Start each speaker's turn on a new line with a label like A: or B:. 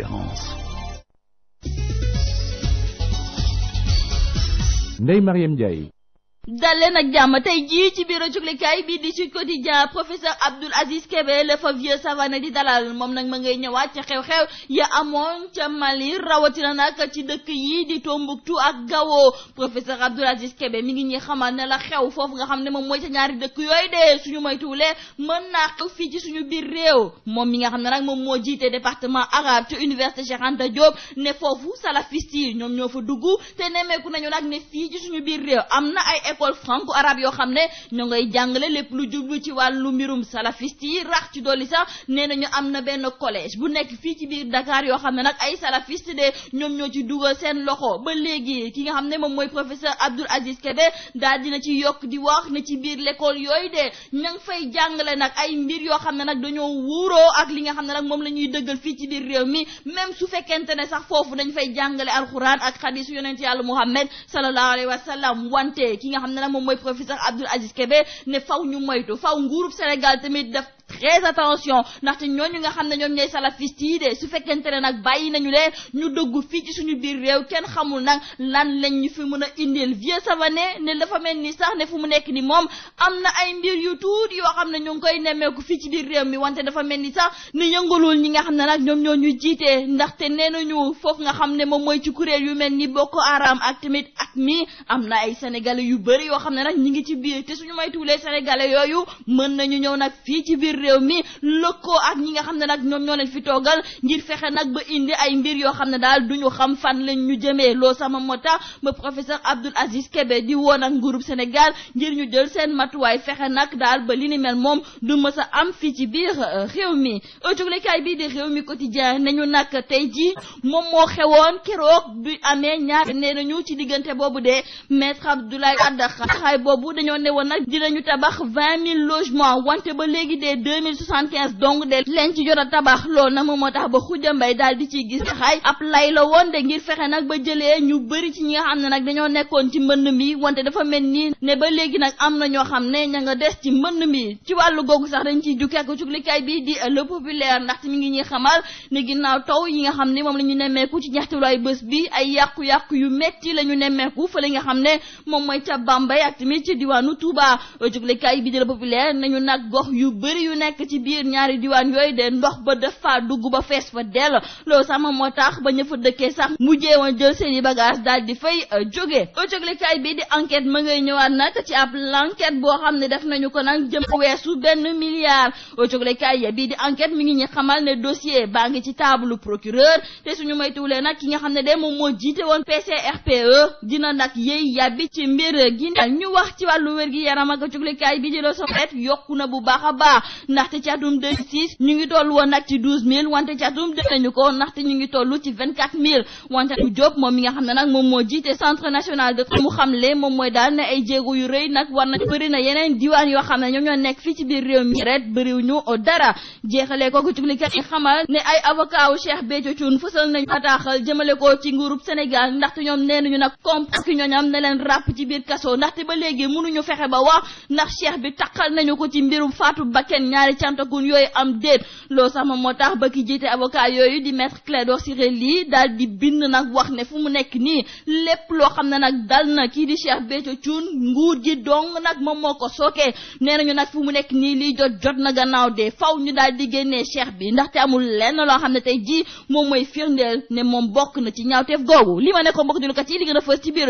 A: différence. Ndeye Mariam Ndiaye dalleen ak jàmm tey jii ci biir a juglikaay bii di ci quotidien professeur Abdoul Aziz Kébé le fa vieux savane di dalal moom nag ma ngay ñëwaat ca xew-xew ya amoon ca Mali rawatina nag ci dëkk yi di Tombouctou ak Gao professeur Abdoul Aziz Kébé mi ngi ñuy xamal ne la xew foofu nga xam ne moom mooy ca ñaari dëkk yooyu de suñu moytuwulee mën naa xew fii ci suñu biir réew moom mi nga xam ne nag moom moo jiite département arabe ci université Cheikh Anta Diop ne foofu salafiste yi ñoom ñoo fa dugg te nemmeeku nañu nag ne fii ci suñu biir réew am na ay école franco arabe yoo xam ne ñu ngay jàngale lépp lu jublu ci wàllu mbirum salafiste yi rax ci dolli sax nee na ñu am na benn collège bu nekk fii ci biir Dakar yoo xam ne nag ay salafiste de ñoom ñoo ci dugal seen loxo ba léegi ki nga xam ne moom mooy professeur Abdoul Aziz Kébé daal dina ci yokk di wax ne ci biir l'école yooyu de ña fay jàngale nag ay mbir yoo xam ne nag dañoo wuuroo ak li nga xam ne nag moom la ñuy dëggal fii ci biir réew mi même su fekkente ne sax foofu dañ fay jàngale alxuraan ak xadisu yonent yàlla Muhammad sallallahu alayhi nga xam ne nag moom mooy professeur Abdoul Aziz Kébé ne faw ñu moytu faw nguurub Sénégal tamit def très attention ndaxte ñooñu nga xam ne ñoom ñooy salafiste yi de su fekkente ne nag bàyyi nañu leen ñu dëggu fii ci suñu biir réew kenn xamul nag lan lañ ñu fi mun a indil vieux Savané ne dafa mel ni sax ne fu mu nekk ni moom am na ay mbir yu tuuti yoo xam ne ñu ngi koy nemmeeku fii ci biir réew mi wante dafa mel ni sax ni yëngalul ñi nga xam ne nag ñoom ñoo ñu jiitee ndaxte nee nañu foofu nga xam ne moom mooy ci kuréel yu mel ni Boko Haram ak tamit ak mi am na ay sénégalais yu bari yoo xam ne nag ñi ngi ci biir te suñu moytuwulee sénégalais yooyu mën nañu ñëw nag fii ci biir réew mi lëkkoo ak ñi nga xam ne nag ñoom ñoo leen fi toogal ngir fexe nag ba indi ay mbir yoo xam ne daal du ñu xam fan lañ ñu jëmee loo sama moo tax ba professeur Abdoul Aziz Kébé di woon ak nguurub Sénégal ngir ñu jël seen matuwaay fexe nag daal ba li ni mel moom du mës a am fii ci biir euh, réew mi ëtuglikay bii di réew mi quotidien nañu nag tey jii moom moo xewoon keroog bi amee ñaar nee nañu ci diggante boobu dee maître Abdoulaye Adda xaay boobu dañoo ne woon nag dinañu tabax vingt mille logements wante ba léegi de deux mille soixante quinze de leen ci jot a tabax loolu na moom moo tax ba Khoudia Mbaye daal di ciy gis xay ab lay la woon de ngir fexe nag ba jëlee ñu bëri ci ñi nga xam ne nag dañoo nekkoon ci mbënd mi wante dafa mel nii ne ba léegi nag am na ñoo xam ne ña nga des ci mbënd mi ci wàllu googu sax dañ ciy jukkee ko cuglikaay bi di le populaire ndaxte mi ngi ñuy xamal ne ginnaaw taw yi nga xam ne moom la ñu nemmeeku ci ñaxtiwulaay bés bi ay yàqu-yàqu yu metti la ñu nemmeeku fa li nga xam ne moom mooy ca Bambey ak tamit ci diwaanu Touba juglikaay bi di le populaire nañu nag gox yu bëri yu nekk nekk ci biir ñaari diwaan yooyu de ndox ba dafa dugg ba fees fa dell loolu sama moo tax ba ñu fa dëkkee sax mujjee woon jël seen i bagage daal di fay euh, jógee ëcëglikaay bi di enquête ma ngay ñëwaat nag ci ab l'enquête boo xam ne def nañu ko nag jëm weesu benn milliard ëcëglikaay bi di enquête mi ngi ñu xamal ne dossier baa ngi ci table procureur te suñu moytuwulee nag ki nga xam ne de moom moo jiite woon PCRPE dina nag yëy yàbbi ci mbir gi ñu wax ci wàllu wér gi yaram ak ëcëglikaay bi di yokku na bu baax a baax ndaxte ci atum 2006 ñu ngi toll woon nag ci 12000 wante ci atum def nañu ko ndaxte ñu ngi toll ci 24000 wante bu Diop moom mi moom mooy daal ne ay jéego yu rëy nag war na bëri na yeneen diwaan yoo xam ne ñoom ñoo nekk fii ci biir réew mi ret bëriw dara jeexalee ko cuplikat yi xamal ne ay avocat wu Cheikh Béthio Thioune nañu ataaxal jëmale ko ci nguurub Sénégal ndaxte ñoom nee nañu nag compak ñooñam ne leen ràpp ci biir kaso ndaxte ba léegi mënuñu fexe ba wax ndax cheikh bi taqal nañu ko ci ay yooyu am déet loolu sax moom moo tax ba ki jiite avocat yooyu di maître Clédor Ciré Ly daal di bind nag wax ne fu mu nekk nii lépp loo xam ne nag dal na kii di Cheikh Béthio Thioune nguur gi dong nag moom moo ko sookee nee nañu nag fu mu nekk nii liy jot jot na gannaaw de faw ñu daal di génnee Cheikh bi ndax ndaxte amul lenn loo xam ne tey jii moom mooy firndeel ne moom bokk na ci ñaawteef googu li ma nekkoon mbokk di lu kat yi li gën a fës ci biir